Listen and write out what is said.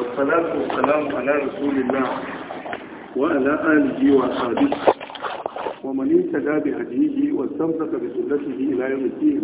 والصلاة والسلام على رسول الله وعلى آله وأصحابه ومن اهتدى بهديه واستمسك بسنته إلى يوم الدين